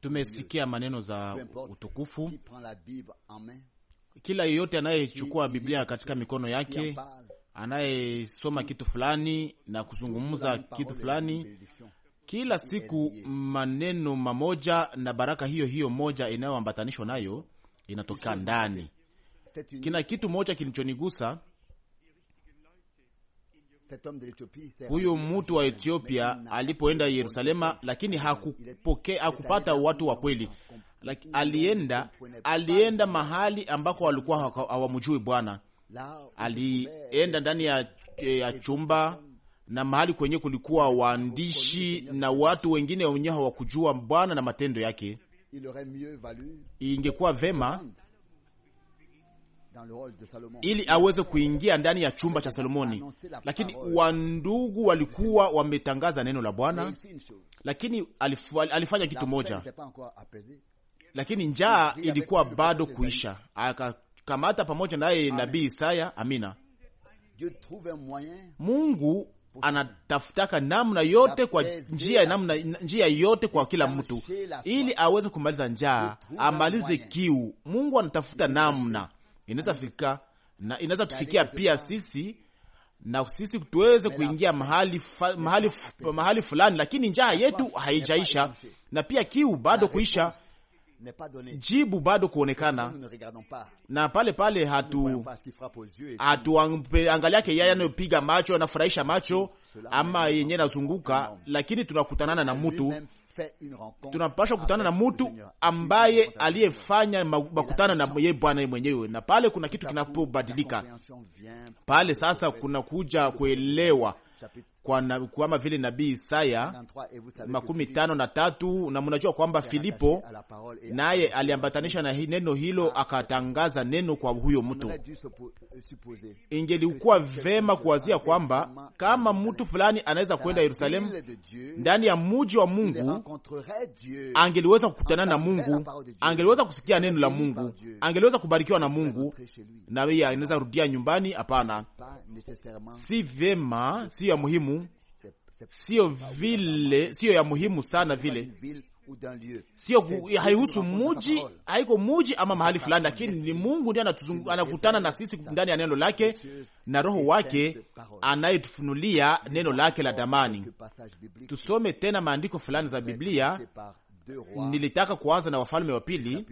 Tumesikia maneno za utukufu. Kila yeyote anayechukua Biblia katika mikono yake, anayesoma kitu fulani na kuzungumza kitu fulani kila siku, maneno mamoja na baraka hiyo hiyo moja inayoambatanishwa nayo inatoka ndani. Kina kitu moja kilichonigusa huyu mtu wa Ethiopia alipoenda Yerusalema, lakini hakupokea hakupata watu wa kweli. Like, alienda alienda mahali ambako walikuwa hawamjui Bwana. Alienda ndani ya, ya chumba na mahali kwenye kulikuwa waandishi na watu wengine wenyewe hawakujua Bwana na matendo yake. Ingekuwa vema ili aweze kuingia ndani ya chumba cha Salomoni, lakini wandugu walikuwa wametangaza neno la Bwana, lakini alifanya kitu moja, lakini njaa ilikuwa bado kuisha. Akakamata pamoja naye nabii Isaya. Amina, Mungu anatafutaka namna yote kwa njia namna njia yote kwa kila mtu, ili aweze kumaliza njaa, amalize kiu. Mungu anatafuta namna inaweza fika na inaweza tufikia pia sisi na sisi tuweze kuingia mahali fa, mahali mahali fulani, lakini njaa yetu haijaisha na pia kiu bado kuisha, jibu bado kuonekana, na pale pale hatu hatuangalia yake yeye macho anafurahisha macho ama yenye nazunguka, lakini tunakutanana na mtu tunapasha kutana na mtu ambaye aliyefanya makutana na yeye Bwana mwenyewe, na pale kuna kitu kinapobadilika pale. Sasa kuna kuja kuelewa kwa kama vile nabii Isaya makumi tano na tatu. Na mnajua kwamba Filipo naye aliambatanisha na neno hilo, ah, akatangaza neno kwa huyo mtu. Euh, Ingelikuwa vema kuwazia kwamba kama mtu fulani anaweza kwenda Yerusalemu ndani ya muji wa Mungu, angeliweza kukutana na Mungu, angeliweza kusikia neno la Mungu, angeliweza kubarikiwa na Mungu, na yeye anaweza rudia nyumbani. Hapana, si vema, si ya muhimu sio ah vile, sio ya muhimu sana vile, sio haihusu muji, haiko muji ama mahali ah, fulani, ah, lakini ni Mungu ndiye anakutana na sisi ndani ya neno lake na roho wake anayetufunulia neno lake la damani. Tusome tena maandiko fulani za Biblia. Nilitaka kuanza na Wafalme wa Pili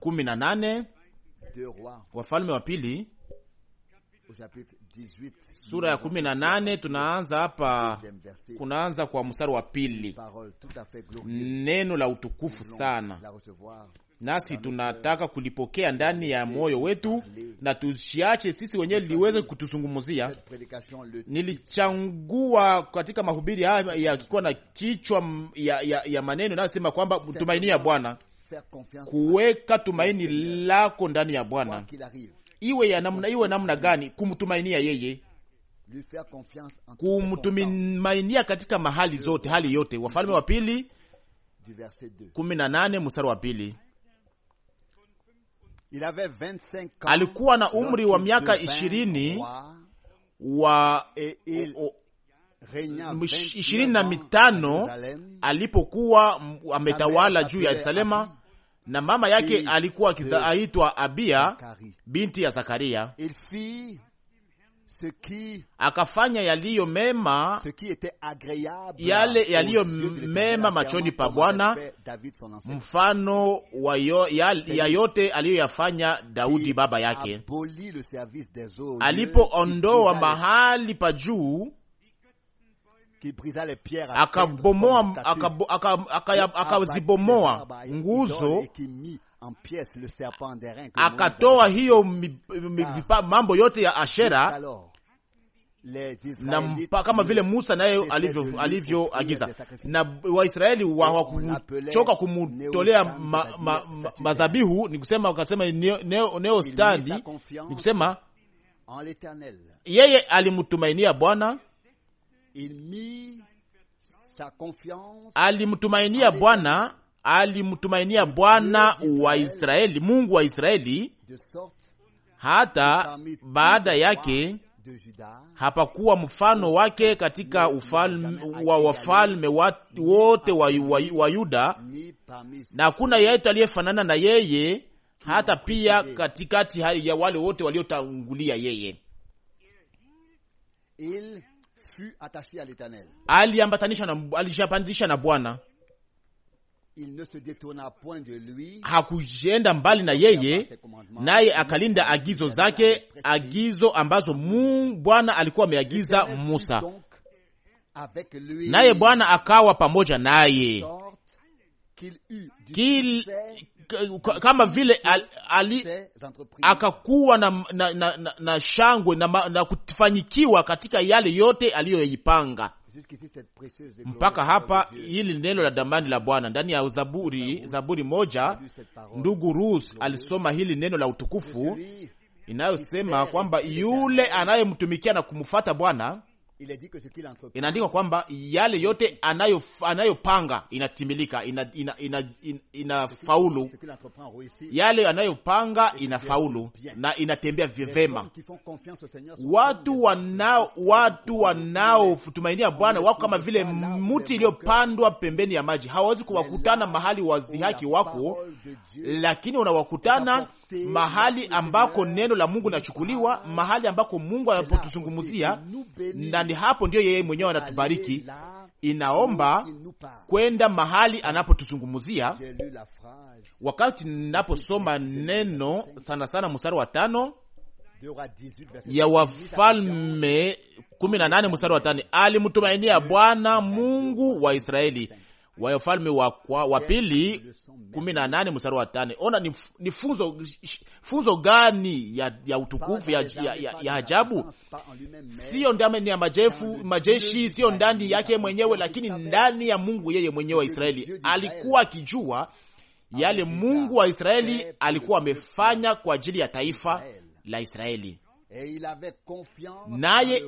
kumi na nane Wafalme wa Pili sura ya kumi na nane tunaanza hapa, kunaanza kwa mstari wa pili. Neno la utukufu sana, nasi tunataka kulipokea ndani ya moyo wetu na tusiache sisi wenyewe liweze kutuzungumzia. Nilichangua katika mahubiri haya yakikuwa na kichwa ya, ya, ya maneno inayosema kwamba tumainia Bwana, kuweka tumaini lako ndani ya Bwana iwe ya namna, iwe namna gani, kumtumainia yeye, kumtumainia katika mahali zote, hali yote. Wafalme wa pili kumi na nane mstari wa pili. Alikuwa na umri wa miaka ishirini wa ishirini na mitano alipokuwa ametawala juu ya Yerusalema na mama yake alikuwa akiitwa Abia binti ya Zakaria. Akafanya yaliyo mema, yale yaliyo mema machoni pa Bwana, mfano wa yo, ya, ya yote aliyoyafanya Daudi baba yake, alipoondoa mahali pa juu akabomoa akazibomoa nguzo akatoa hiyo ah. mambo yote ya Ashera na kama vile Musa naye alivyoagiza na Waisraeli hawakuchoka kumutolea ma, ma, ma, ni kusema, wakasema neo, ni kusema yeye alimtumainia Bwana alimtumainia Bwana, alimtumainia Bwana wa Israeli, Mungu wa Israeli. Hata baada yake hapakuwa mfano wake katika ufalme wa wafalme wote wa, wa, wa Yuda, na hakuna yeyote aliyefanana na yeye, hata pia katikati ya wale wote waliotangulia yeye aliambatanisha na, alijapandisha na Bwana, hakujenda mbali na yeye, naye akalinda agizo zake, agizo ambazo mu Bwana alikuwa ameagiza Musa, naye Bwana akawa pamoja naye kama vile ali, akakuwa na, na, na, na, na shangwe na, na kufanyikiwa katika yale yote aliyoipanga mpaka hapa. Hili neno la damani la Bwana ndani ya Zaburi, Zaburi moja. Ndugu Rus alisoma hili neno la utukufu inayosema kwamba yule anayemtumikia na kumfata Bwana Inaandikwa kwamba yale yote anayo anayopanga inatimilika, inafaulu ina, ina, ina, ina Yale anayopanga ina faulu na inatembea vyema. Watu wanao watu wanaotumainia Bwana wako kama vile mti iliyopandwa pembeni ya maji, hawawezi kuwakutana mahali wazihaki wako, lakini unawakutana mahali ambako neno la Mungu linachukuliwa, mahali ambako Mungu anapotuzungumzia, na ni hapo ndio yeye mwenyewe anatubariki. Inaomba kwenda mahali anapotuzungumzia. Wakati ninaposoma neno sana sana mstari wa tano ya Wafalme 18 mstari wa tano, alimtumainia Bwana Mungu wa Israeli Wafalme wa pili kumi na nane mstari wa tano. Ona ni, ni funzo, funzo gani ya, ya utukufu ya, ya, ya, ya ajabu, siyo ndani ya majefu, majeshi, siyo ndani yake mwenyewe, lakini ndani ya Mungu yeye mwenyewe wa Israeli. Alikuwa akijua yale Mungu wa Israeli alikuwa amefanya kwa ajili ya taifa la Israeli naye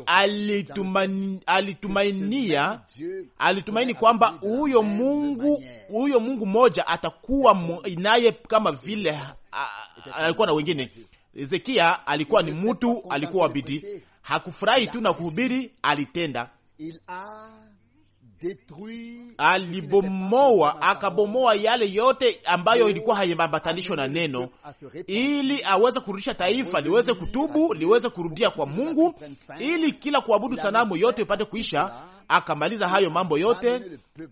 alitumainia alitumaini kwamba huyo Mungu huyo Mungu mmoja atakuwa naye kama vile alikuwa na wengine. Hezekia alikuwa ni mtu, alikuwa wabidi hakufurahi tu na kuhubiri, alitenda alibomoa akabomoa yale yote ambayo ilikuwa haiambatanishwa na neno, ili aweze kurudisha taifa liweze kutubu liweze kurudia kwa Mungu, ili kila kuabudu sanamu yote ipate kuisha. Akamaliza hayo mambo yote,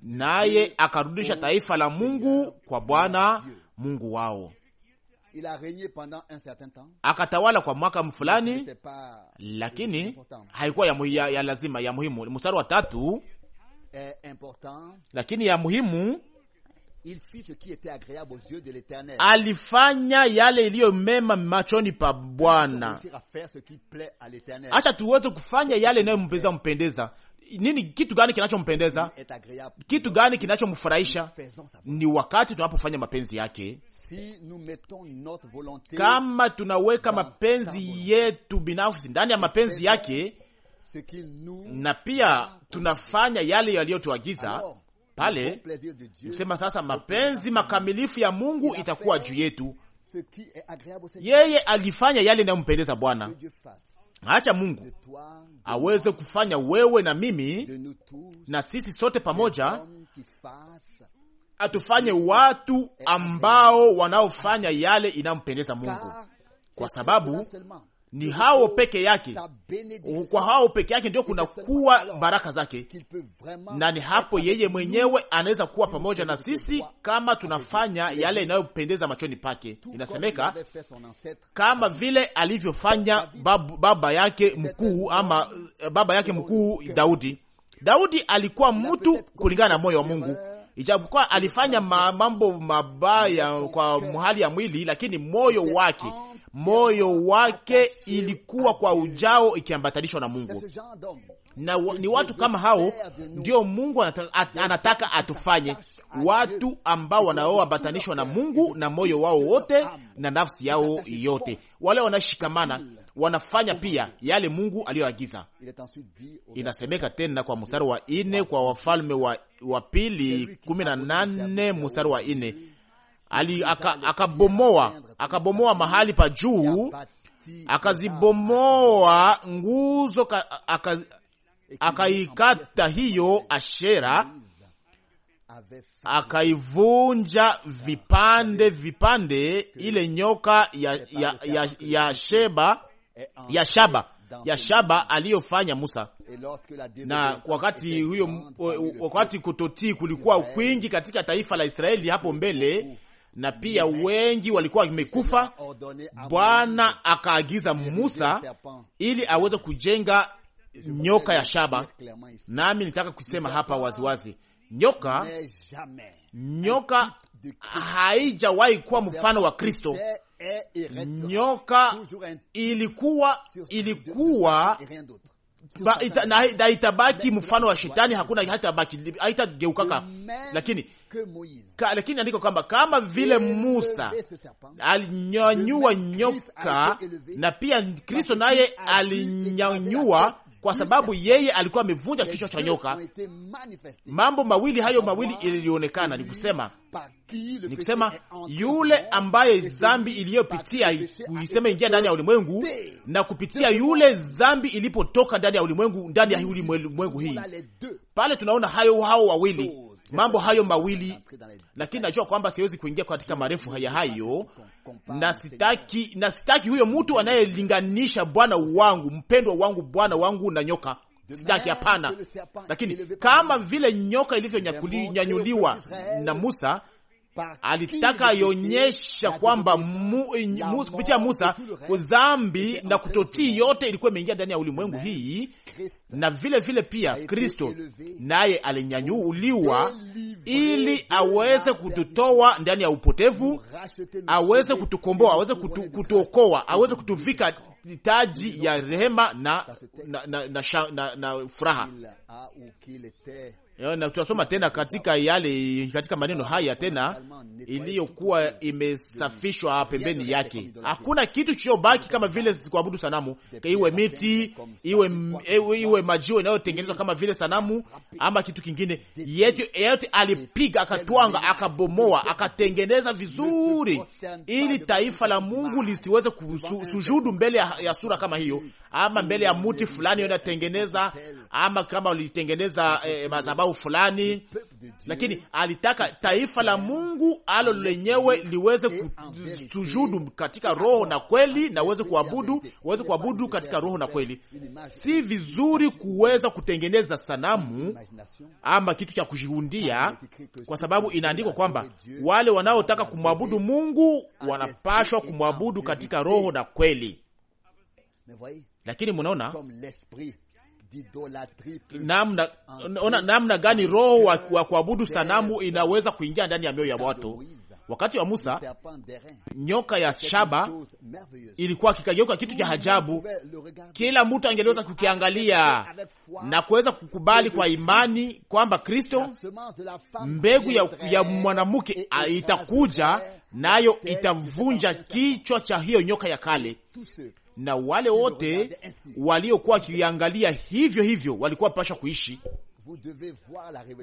naye akarudisha taifa la Mungu kwa Bwana Mungu wao. Akatawala kwa mwaka fulani, lakini haikuwa ya, ya lazima ya muhimu. Mstari wa tatu lakini ya muhimu alifanya yale iliyo mema machoni pa Bwana. Acha tuweze kufanya yale inayompendeza mpendeza. Nini? Kitu gani kinachompendeza? Kitu gani kinachomfurahisha? Ni wakati tunapofanya mapenzi yake. Si notre, kama tunaweka mapenzi yetu binafsi ndani ya mapenzi yake na pia tunafanya yale yaliyotuagiza pale, kusema sasa mapenzi makamilifu ya Mungu itakuwa juu yetu. Yeye alifanya yale inayompendeza Bwana. Acha Mungu aweze kufanya wewe na mimi na sisi sote pamoja, atufanye watu ambao wanaofanya yale inayompendeza Mungu, kwa sababu ni hao peke yake, kwa hao peke yake ndio kunakuwa baraka zake, na ni hapo yeye mwenyewe anaweza kuwa pamoja na sisi kama tunafanya yale inayopendeza machoni pake. Inasemeka kama vile alivyofanya babu, baba yake mkuu ama eh, baba yake mkuu Daudi. Daudi alikuwa mtu kulingana na moyo wa Mungu Ijapokuwa alifanya mambo mabaya kwa mhali ya mwili, lakini moyo wake moyo wake ilikuwa kwa ujao ikiambatanishwa na Mungu na ni watu kama hao ndio Mungu anataka atufanye watu ambao wanaoambatanishwa na Mungu na moyo wao wote na nafsi yao yote, wale wanashikamana wanafanya pia yale Mungu aliyoagiza. Inasemeka tena kwa mstari wa ine kwa Wafalme wa, wa pili kumi na nane mstari wa ine ali akabomoa akabomoa mahali pa juu akazibomoa nguzo akaikata hiyo Ashera akaivunja vipande vipande, ile nyoka ya, ya, ya, ya Sheba ya shaba ya shaba aliyofanya Musa, na wakati huyo, wakati kutotii kulikuwa kwingi katika taifa la Israeli hapo mbele, na pia wengi walikuwa wamekufa. Bwana akaagiza Musa ili aweze kujenga nyoka ya shaba, nami nitaka kusema hapa waziwazi, nyoka nyoka haijawahi kuwa mfano wa Kristo. Nyoka ilikuwa ilikuwa ba, ita, na, na itabaki mfano wa shetani, hakuna haitabaki, haitageukaka. Lakini ka, lakini andiko kwamba kama vile Musa alinyanyua nyoka na pia Kristo naye alinyanyua kwa sababu yeye alikuwa amevunja kichwa cha nyoka. Mambo mawili hayo mawili ilionekana, ni kusema yule ambaye zambi iliyopitia kuisema ingia ndani ya ulimwengu na kupitia yule zambi ilipotoka ndani ya ulimwengu, ndani ya ulimwengu hii, pale tunaona hayo hao wawili mambo hayo mawili, lakini najua kwamba siwezi kuingia katika marefu haya hayo, na sitaki, na sitaki huyo mtu anayelinganisha Bwana wangu mpendwa wangu Bwana wangu na nyoka Sitaki, hapana. Lakini kama vile nyoka ilivyonyanyuliwa na Musa, alitaka ionyesha kwamba kupitia mu, Musa, dhambi na kutotii yote ilikuwa imeingia ndani ya ulimwengu hii na vile vile pia Kristo naye alinyanyuliwa ili aweze kututoa ndani ya upotevu, aweze kutukomboa, aweze kutu, kutuokoa, aweze kutuvika taji ya rehema na, na, na, na, na, na furaha Eh, na tunasoma tena katika yale katika maneno haya tena iliyokuwa imesafishwa pembeni yake. Hakuna kitu chiyobaki kama vile kuabudu sanamu, iwe miti iwe, e, iwe majiwe inayotengenezwa kama vile sanamu ama kitu kingine yeyote alipiga akatwanga akabomoa akatengeneza vizuri, ili taifa la Mungu lisiweze kusujudu mbele ya sura kama hiyo ama mbele ya muti fulani inayotengeneza ama kama walitengeneza eh, madhabahu fulani, lakini alitaka taifa la Mungu alo lenyewe liweze kusujudu katika roho na kweli, na weze kuabudu, weze kuabudu katika roho na kweli. Si vizuri kuweza kutengeneza sanamu ama kitu cha kujiundia, kwa sababu inaandikwa kwamba wale wanaotaka kumwabudu Mungu wanapashwa kumwabudu katika roho na kweli. Lakini munaona namna namna gani roho wa, wa kuabudu sanamu inaweza kuingia ndani ya mioyo ya watu. Wakati wa Musa nyoka ya shaba ilikuwa kikageuka kitu cha hajabu kila mtu angeliweza kukiangalia na kuweza kukubali kwa imani kwamba Kristo, mbegu ya, ya mwanamke itakuja nayo itavunja kichwa cha hiyo nyoka ya kale na wale wote waliokuwa wakiangalia hivyo hivyo walikuwa pasha kuishi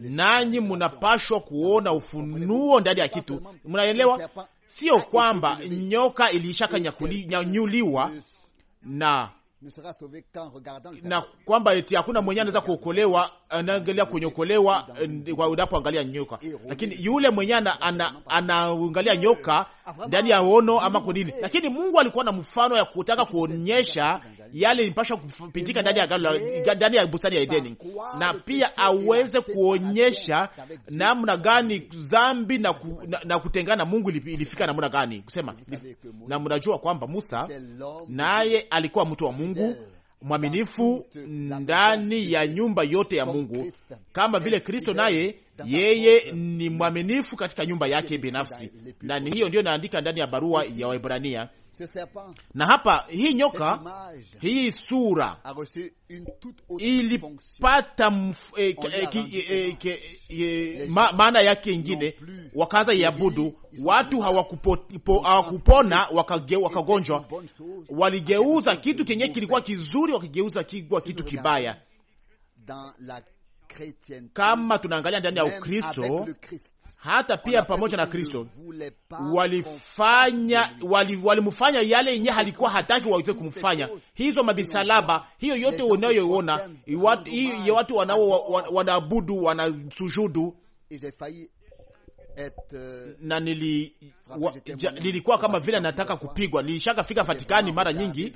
nanyi munapashwa kuona ufunuo ndani ya kitu. Mnaelewa, sio ah, kwamba nyoka nyanyuliwa na na kwamba eti hakuna mwenye anaweza kuokolewa, anaangalia kunyokolewa eh, unapoangalia nyoka, lakini yule mwenye anaangalia ana, ana nyoka ndani ya ono ama kwa nini, lakini Mungu alikuwa na mfano ya kutaka kuonyesha yale impasha kupitika ndani ya ndani ya bustani ya Edeni, na pia aweze kuonyesha namna gani zambi na, ku, na, na kutengana na Mungu ilifika namna gani kusema, na mnajua kwamba Musa naye alikuwa mtu wa Mungu mwaminifu ndani ya nyumba yote ya Mungu, kama vile Kristo naye yeye ni mwaminifu katika nyumba yake binafsi, na ni hiyo ndiyo inaandika ndani ya barua ya Waebrania na hapa hii nyoka, hii sura ilipata e, e, e, maana yake ingine, wakaanza iabudu. Watu hawakupona, wakagonjwa, waligeuza kitu kenye kilikuwa kizuri, wakigeuza kikuwa kitu kibaya. Kama tunaangalia ndani ya Ukristo hata pia pamoja na Kristo walifanya wali, walimfanya yale yenye halikuwa hataki waweze kumfanya. Hizo mabisalaba hiyo yote unayoona ya watu wanao wanaabudu wanasujudu euh, na nili, wa, ja, nilikuwa kama vile nataka kupigwa. Nilishaka fika Vatikani mara nyingi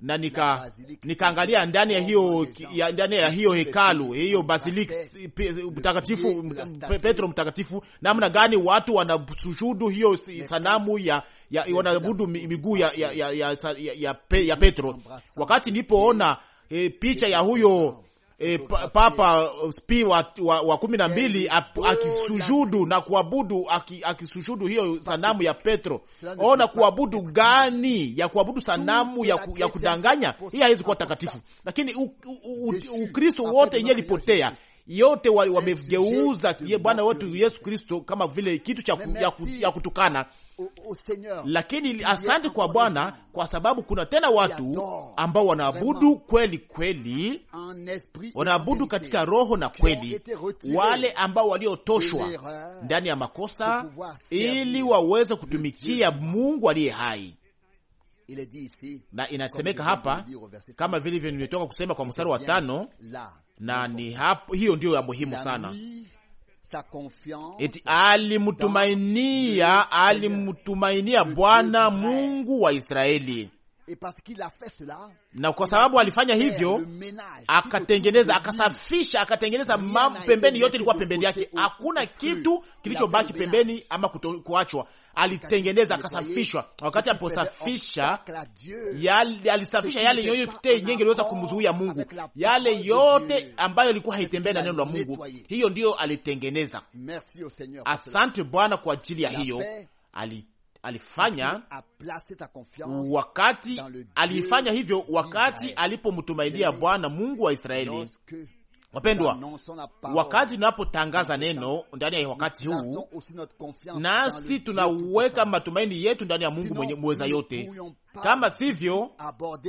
na nika nikaangalia ndani ya hiyo ya, ndani ya hiyo hekalu hiyo basiliki mtakatifu Petro mtakatifu, namna gani watu wanasujudu hiyo sanamu ya ya wanabudu miguu ya ya, ya, ya, ya, ya Petro. Wakati nilipoona eh, picha ya huyo e, pa, Papa spi wa, wa, wa kumi na mbili akisujudu na kuabudu akisujudu hiyo sanamu ya Petro. Ona kuabudu gani ya kuabudu sanamu ya, ku, ya kudanganya, hii haiwezi kuwa takatifu. Lakini Ukristo wote yenyewe lipotea yote wamegeuza Bwana wetu Yesu Kristo kama vile kitu cha ya kutukana lakini asante kwa Bwana kwa sababu kuna tena watu ambao wanaabudu kweli kweli, wanaabudu katika roho na kweli, wale ambao waliotoshwa ndani ya makosa ili waweze kutumikia Mungu aliye hai. Na inasemeka hapa kama vile vile nimetoka kusema kwa mstari wa tano, na ni hapo, hiyo ndiyo ya muhimu sana eti alimtumainia, alimtumainia Bwana Mungu wa Israeli na kwa sababu alifanya hivyo, akatengeneza akasafisha, akatengeneza mambo pembeni, yote ilikuwa pembeni yake, hakuna kitu kilichobaki pembeni ama kuachwa alitengeneza akasafishwa. Wakati aliposafisha yale, alisafisha yale yote nyingi iliweza kumzuia Mungu, yale yote ambayo ilikuwa haitembei na neno la Mungu, hiyo ndiyo alitengeneza. Asante Bwana kwa ajili ya hiyo ali alifanya wakati alifanya hivyo wakati alipomtumainia Bwana Mungu wa Israeli, Wapendwa, wakati tunapotangaza neno ndani ya wakati huu, nasi tunaweka matumaini yetu ndani ya Mungu mwenye mweza yote. Kama sivyo,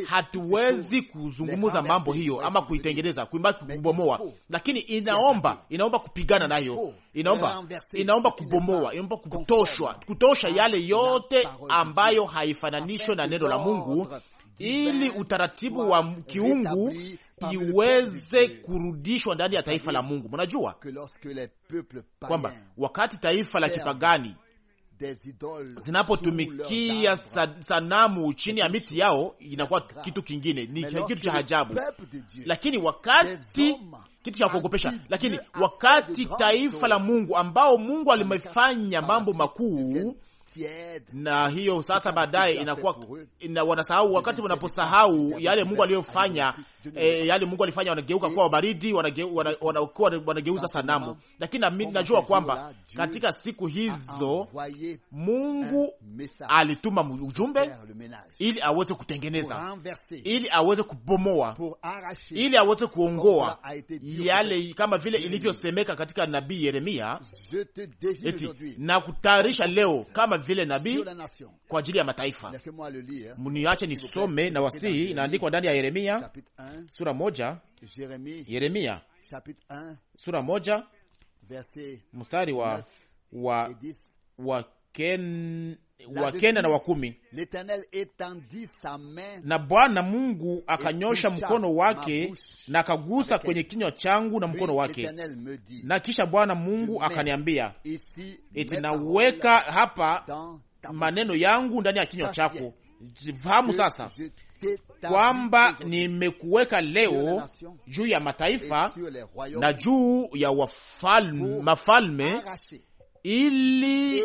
hatuwezi kuzungumza mambo hiyo ama kuitengeneza, kuimba kubomoa, lakini inaomba inaomba kupigana nayo, inaomba inaomba kubomoa, inaomba kutoshwa, kutosha yale yote ambayo haifananishwe na neno la Mungu ili utaratibu wa kiungu iweze kurudishwa ndani ya taifa la Mungu. Mnajua kwamba wakati taifa la kipagani zinapotumikia sanamu chini ya miti yao inakuwa kitu kingine, ni kitu cha ajabu, lakini wakati kitu cha kuogopesha. Lakini wakati taifa la Mungu ambao Mungu alimefanya mambo makuu na hiyo sasa baadaye inakuwa ina, wanasahau wakati wanaposahau yale Mungu aliyofanya, e, yale Mungu alifanya, wanageuka kuwa wabaridi, wanageuza wana, wana, wana sanamu. Lakini na najua kwamba katika siku hizo Mungu alituma ujumbe ili aweze kutengeneza, ili aweze kubomoa, ili aweze kuongoa yale, kama vile ilivyosemeka katika nabii Yeremia eti na kutayarisha leo kama vile nabii kwa ajili ya mataifa. Mniache nisome na wasii, inaandikwa ndani ya Yeremia sura moja, Yeremia sura moja mstari wa wa wa ken wa kenda na wa kumi. Na Bwana Mungu akanyosha mkono wake na akagusa kwenye kinywa changu na mkono wake, na kisha Bwana Mungu akaniambia, eti naweka hapa maneno yangu ndani ya kinywa chako, fahamu sasa kwamba nimekuweka leo juu ya mataifa na juu ya wafalme, mafalme ili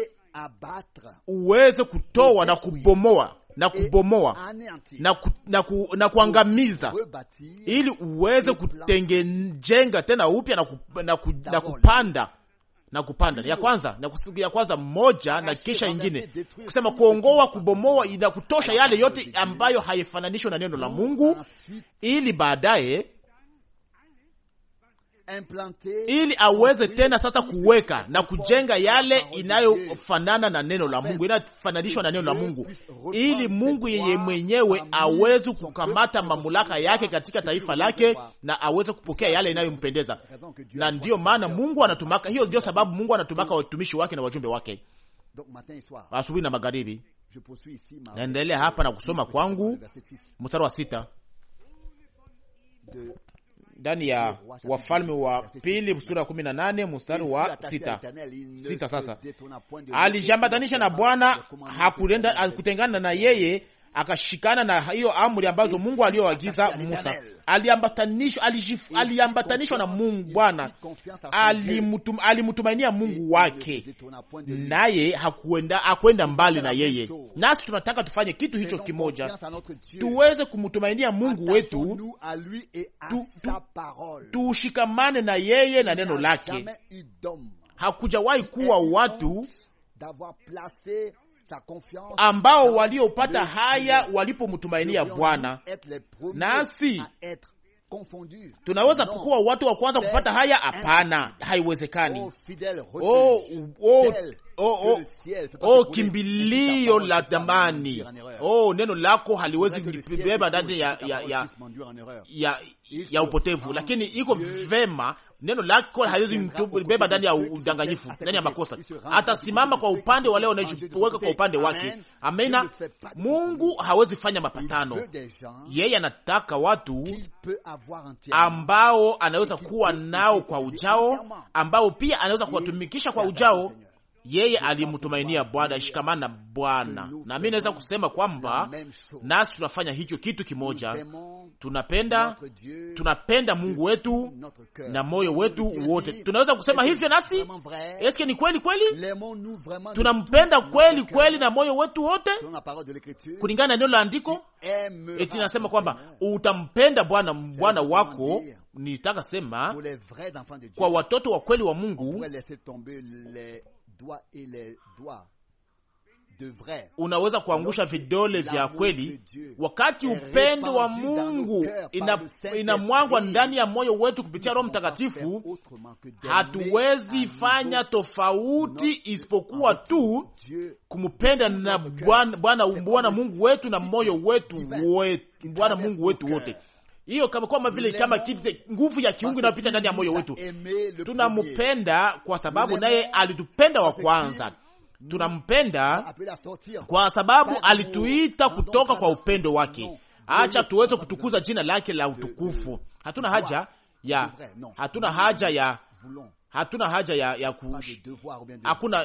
uweze kutoa na kubomoa na kubomoa na, ku, na, ku, na kuangamiza ili uweze kutengejenga tena upya na, ku, na, ku, na kupanda na kupanda ya kwanza na ya kwanza moja na kisha ingine, kusema kuongoa, kubomoa, ina kutosha yale yote ambayo haifananishwe na neno la Mungu, ili baadaye ili aweze tena sasa kuweka na kujenga yale inayofanana na neno la Mungu, inayofananishwa na neno la Mungu, ili Mungu yeye mwenyewe aweze kukamata mamlaka yake katika taifa lake na aweze kupokea yale inayompendeza. Na ndiyo maana Mungu anatumaka, hiyo ndio sababu Mungu anatumaka watumishi wake na wajumbe wake asubuhi na magharibi. Naendelea hapa na kusoma kwangu mstari wa sita ndani ya Wafalme wa Pili sura kumi na nane mstari wa sita. Sita sasa, alijambatanisha na Bwana, hakutengana na yeye, akashikana na hiyo amri ambazo Mungu aliyoagiza Musa aliambatanishwa aliambatanishwa na Mungu Bwana, alimtumainia Mungu wake, naye hakuenda hakwenda mbali na yeye. Nasi tunataka tufanye kitu hicho kimoja, tuweze kumtumainia Mungu wetu, tushikamane tu, tu na yeye na neno lake. Hakujawahi kuwa watu ambao waliopata haya walipomtumainia Bwana. Nasi tunaweza kuwa watu wa kwanza kupata haya? Hapana, haiwezekani. Oh, oh, oh, oh, kimbilio la damani, oh, neno lako haliwezi kunibeba ndani ya, ya, ya, ya ya upotevu, lakini iko vema neno lako haiwezi beba ndani ya udanganyifu, ndani ya makosa. Atasimama kwa upande wale leo kwa upande wake. Amena, Mungu hawezi fanya mapatano. Yeye anataka watu ambao anaweza kuwa nao kwa ujao, ambao pia anaweza kuwatumikisha kwa ujao yeye alimtumainia Bwana, alishikamana na Bwana. Na mimi naweza kusema kwamba nasi tunafanya hicho kitu kimoja, tunapenda tunapenda Mungu wetu na moyo wetu wote. Tunaweza kusema hivyo nasi, eske ni kweli kweli tunampenda kweli kweli na moyo wetu wote, kulingana na neno la andiko eti nasema kwamba utampenda Bwana Bwana wako Nitaka sema kwa watoto wa kweli wa Mungu unaweza kuangusha vidole vya kweli wakati upendo wa Mungu inamwangwa ina ndani ya moyo wetu kupitia Roho Mtakatifu. Hatuwezi fanya tofauti isipokuwa tu kumupenda na Bwana Mungu wetu na moyo wetu, Bwana Mungu wetu wote hiyo kama kwa vile kama nguvu ya kiungu inayopita ndani ya moyo wetu. Tunamupenda kwa sababu naye alitupenda wa kwanza. Tunampenda kwa sababu alituita kutoka kwa upendo wake. Acha tuweze kutukuza jina lake la utukufu. Hatuna haja ya hatuna haja ya hatuna haja ya, ya hakuna eh, eh, hakuna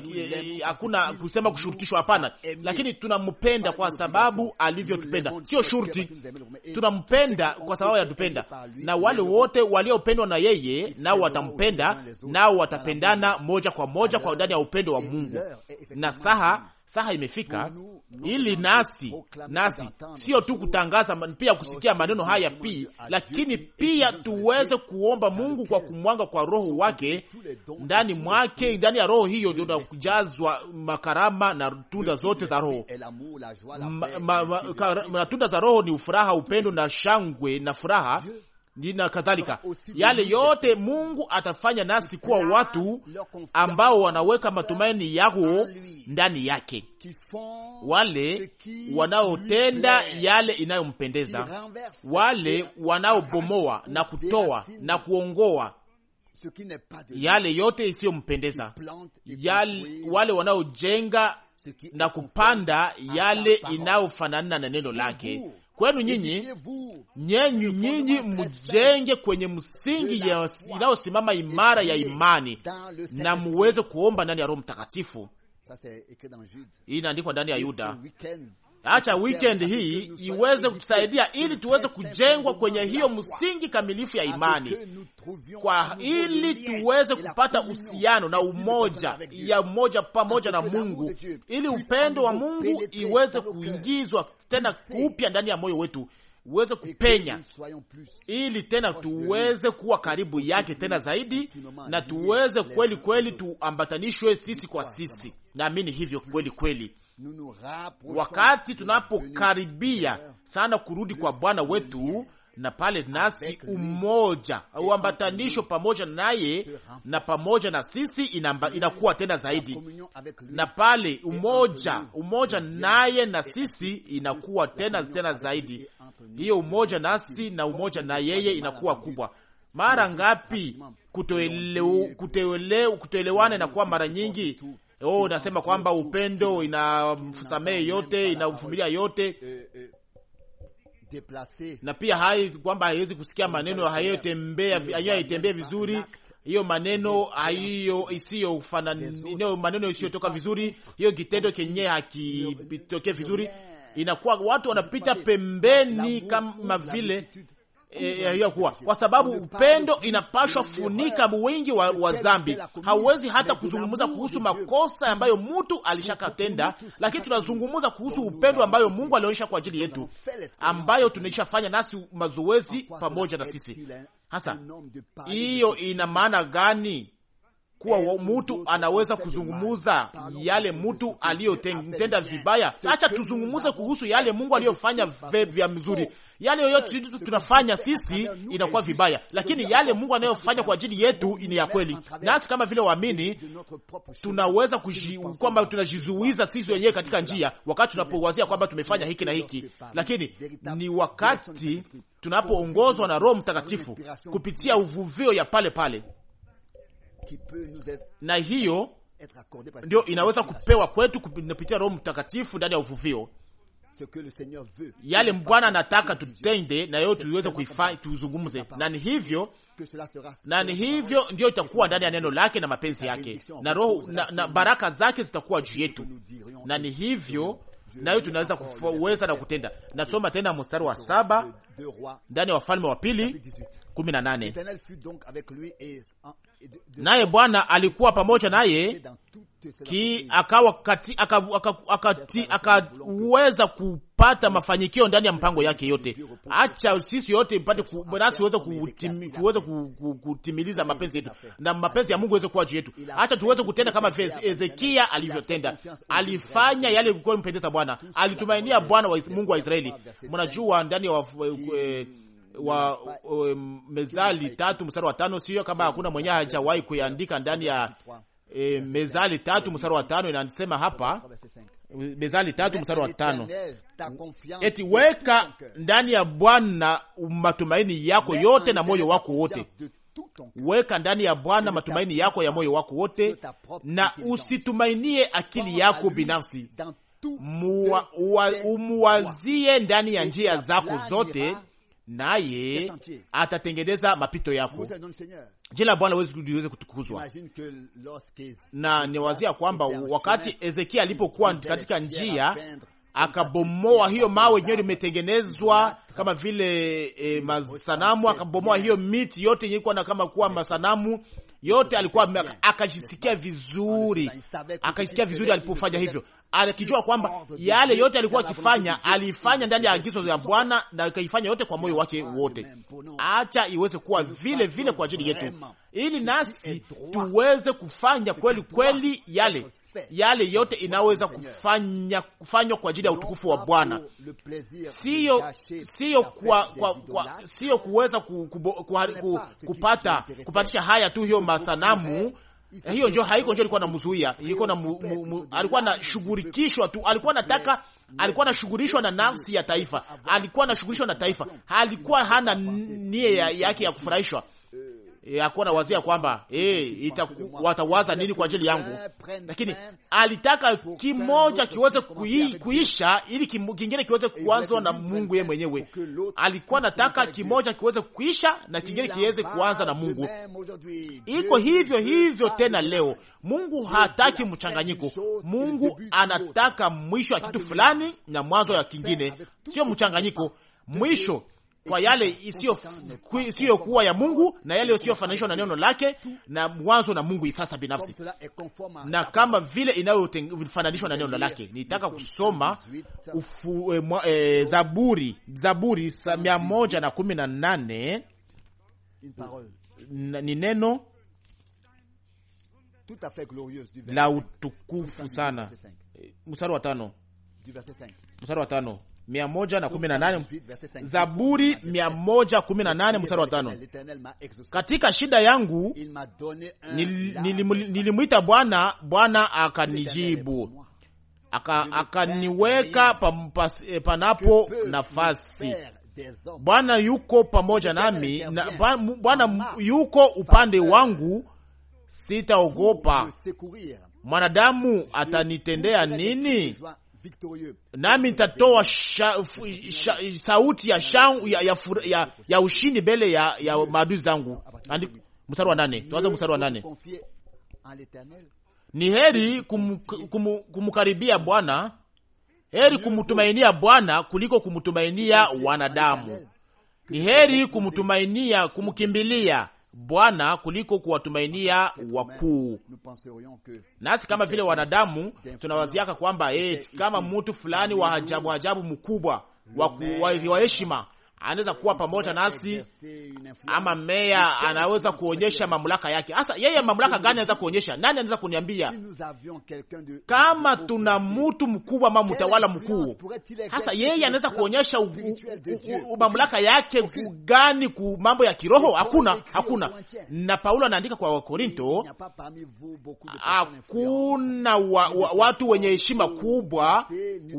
eh, eh hakuna kusema kushurutishwa, hapana, lakini tunampenda kwa sababu alivyotupenda. Sio shurti, tunampenda kwa sababu anatupenda, na wale wote waliopendwa na yeye nao watampenda, nao watapendana moja kwa moja kwa ndani ya upendo wa Mungu. Na saha saha imefika ili nasi nasi sio tu kutangaza pia kusikia maneno haya pia, lakini pia tuweze kuomba Mungu kwa kumwanga kwa Roho wake ndani mwake. Ndani ya Roho hiyo ndio nakujazwa makarama na tunda zote za Roho. tunda za Roho ni ufuraha, upendo na shangwe na furaha na kadhalika. Yale yote Mungu atafanya nasi kuwa watu ambao wanaweka matumaini yao ndani yake, wale wanaotenda yale inayompendeza, wale wanaobomoa na kutoa na kuongoa yale yote isiyompendeza, wale wanaojenga na kupanda yale inayofanana na neno lake kwenu nyinyi nyenyu nyinyi mjenge kwenye msingi inayosimama imara ya imani na muweze kuomba ndani ya Roho Mtakatifu. Inaandikwa ndani ya Yuda acha weekend hii iweze kutusaidia ili tuweze kujengwa kwenye hiyo msingi kamilifu ya imani, kwa ili tuweze kupata uhusiano na umoja ya moja pamoja na Mungu, ili upendo wa Mungu iweze kuingizwa tena upya ndani ya moyo wetu uweze kupenya ili tena tuweze kuwa karibu yake tena zaidi, na tuweze kweli kweli tuambatanishwe sisi kwa sisi. Naamini hivyo kweli kweli, wakati tunapokaribia sana kurudi kwa Bwana wetu, na pale nasi umoja uambatanisho pamoja naye na pamoja na sisi inamba, inakuwa tena zaidi, na pale umoja umoja naye na sisi inakuwa tena tena zaidi. Hiyo umoja nasi na umoja na yeye inakuwa kubwa. Mara ngapi kutoelewana inakuwa mara nyingi Oh, nasema kwamba upendo inasamehe yote, inavumilia yote na pia hai kwamba haiwezi kusikia maneno hayotembea aitembee haitembee vizuri, hiyo maneno hiyo isiyofanana, maneno isiyotoka vizuri, hiyo kitendo kenye hakitokee vizuri. Inakuwa watu wanapita pembeni kama vile yaliyokuwa, eh, eh, kwa sababu upendo inapashwa funika wingi wa, wa dhambi. Hauwezi hata kuzungumza kuhusu makosa ambayo mtu alishakatenda, lakini tunazungumza kuhusu upendo ambayo Mungu alionyesha kwa ajili yetu, ambayo tunaishafanya nasi mazoezi pamoja na sisi. Hasa hiyo ina maana gani? kuwa mtu anaweza kuzungumuza yale mtu aliyotenda vibaya. Acha tuzungumuze kuhusu yale Mungu aliyofanya vya mzuri yale yoyote tunafanya sisi inakuwa vibaya, lakini yale Mungu anayofanya kwa ajili yetu ni ya kweli. Nasi kama vile waamini tunaweza kwamba tunajizuiza sisi wenyewe katika njia, wakati tunapowazia kwamba tumefanya hiki na hiki, lakini ni wakati tunapoongozwa na Roho Mtakatifu kupitia uvuvio ya pale pale, na hiyo ndio inaweza kupewa kwetu kupitia Roho Mtakatifu ndani ya uvuvio yale Bwana anataka tutende na yo tuweze kuifanya, tuzungumze na ni hivyo na ni hivyo ndiyo itakuwa ndani ya neno lake na mapenzi yake na roho na, na baraka zake zitakuwa juu yetu, na ni hivyo nayo tunaweza kuweza na kutenda. Nasoma tena mstari wa saba ndani ya Wafalme wa Pili kumi na nane naye Bwana alikuwa pamoja naye ki akawa kati akaweza kupata mafanikio ndani ya mpango yake yote. Acha sisi yote mpate nasi uweze kuweza kutimiliza mapenzi yetu na mapenzi ya Mungu iweze kuwa juu yetu. Acha tuweze kutenda kama vile Ezekia alivyotenda, alifanya yale kwa mpendeza Bwana, alitumainia Bwana wa Mungu wa Israeli. Mnajua ndani ya wa eh, eh, eh, Mezali tatu mstari wa tano, sio kama hakuna mwenye hajawahi kuandika ndani ya e, Mezali tatu mstari wa tano inasema hapa Mezali tatu mstari wa tano eti weka ndani ya Bwana matumaini yako yote na moyo wako wote weka ndani ya Bwana matumaini yako ya moyo wako wote, na usitumainie akili yako binafsi. Umuwazie ndani ya njia zako zote, naye atatengeneza mapito yako. Jina la Bwana liweze kutukuzwa. Na niwazia kwamba wakati Ezekia alipokuwa katika njia akabomoa hiyo mawe yenyewe limetengenezwa kama vile e, masanamu. Akabomoa hiyo miti yote yenye kuwa na kama kuwa masanamu yote, alikuwa akajisikia vizuri, akajisikia vizuri alipofanya hivyo, alikijua kwamba yale yote alikuwa akifanya alifanya ndani ya agizo ya Bwana na akaifanya yote kwa moyo wake wote. Acha iweze kuwa vile vile kwa ajili yetu, ili nasi tuweze kufanya kweli kweli yale yale yote inaweza kufanya kufanywa kwa ajili ya utukufu wa Bwana, siyo sio kwa, kwa, kwa, sio kuweza ku, ku, ku, ku, kupata kupatisha haya tu hiyo masanamu Eh, hiyo njo haiko njo alikuwa namzuia, ilikuwa na alikuwa anashughulikishwa tu, alikuwa anataka, alikuwa anashughulishwa na nafsi ya taifa, alikuwa anashughulishwa na taifa, alikuwa hana nia yake ya kufurahishwa e, eh, akuwa na wazia kwamba hey, eh, watawaza nini kwa ajili yangu, lakini alitaka kimoja kiweze kui, kuisha ili kingine kiweze kuanzwa na Mungu ye mwenyewe. Alikuwa nataka kimoja kiweze kuisha na kingine kiweze kuanza na Mungu. Iko hivyo hivyo tena leo. Mungu hataki mchanganyiko. Mungu anataka mwisho ya kitu fulani na mwanzo ya kingine, sio mchanganyiko mwisho kwa yale isiyokuwa ya Mungu na yale isiyofananishwa na neno lake na mwanzo na Mungu ifasa binafsi na kama vile inayofananishwa na neno lake. Nitaka kusoma ufu, eh, mwa, e, Zaburi Zaburi mia moja na kumi na nane ni neno la utukufu sana, eh, mstari wa tano mstari wa tano 118 Zaburi 118 mstari wa tano: katika shida yangu nilimwita Bwana, Bwana akanijibu akaniweka aka eh, panapo nafasi. Bwana yuko pamoja nami na, Bwana yuko upande wangu, sitaogopa. Mwanadamu atanitendea nini? nami nitatoa sauti ya, ya, ya, ya, ya ushindi mbele ya, ya maadui zangu. Mstari wa nane, tuanza mstari wa nane. Ni heri kumkaribia kum, Bwana, heri kumtumainia Bwana kuliko kumtumainia wanadamu. Ni heri kumtumainia, kumkimbilia Bwana kuliko kuwatumainia wakuu. Nasi kama vile wanadamu tunawaziaka kwamba eh, kama mtu fulani wa ajabu ajabu mkubwa wa heshima anaweza kuwa pamoja nasi, ama meya anaweza kuonyesha mamlaka yake. Hasa yeye mamlaka gani anaweza kuonyesha? Nani anaweza kuniambia kama tuna mtu mkubwa ama mtawala mkuu? Hasa yeye anaweza kuonyesha mamlaka yake gani ku mambo ya kiroho? Hakuna, hakuna. Na Paulo anaandika kwa Wakorinto, hakuna wa, wa, watu wenye heshima kubwa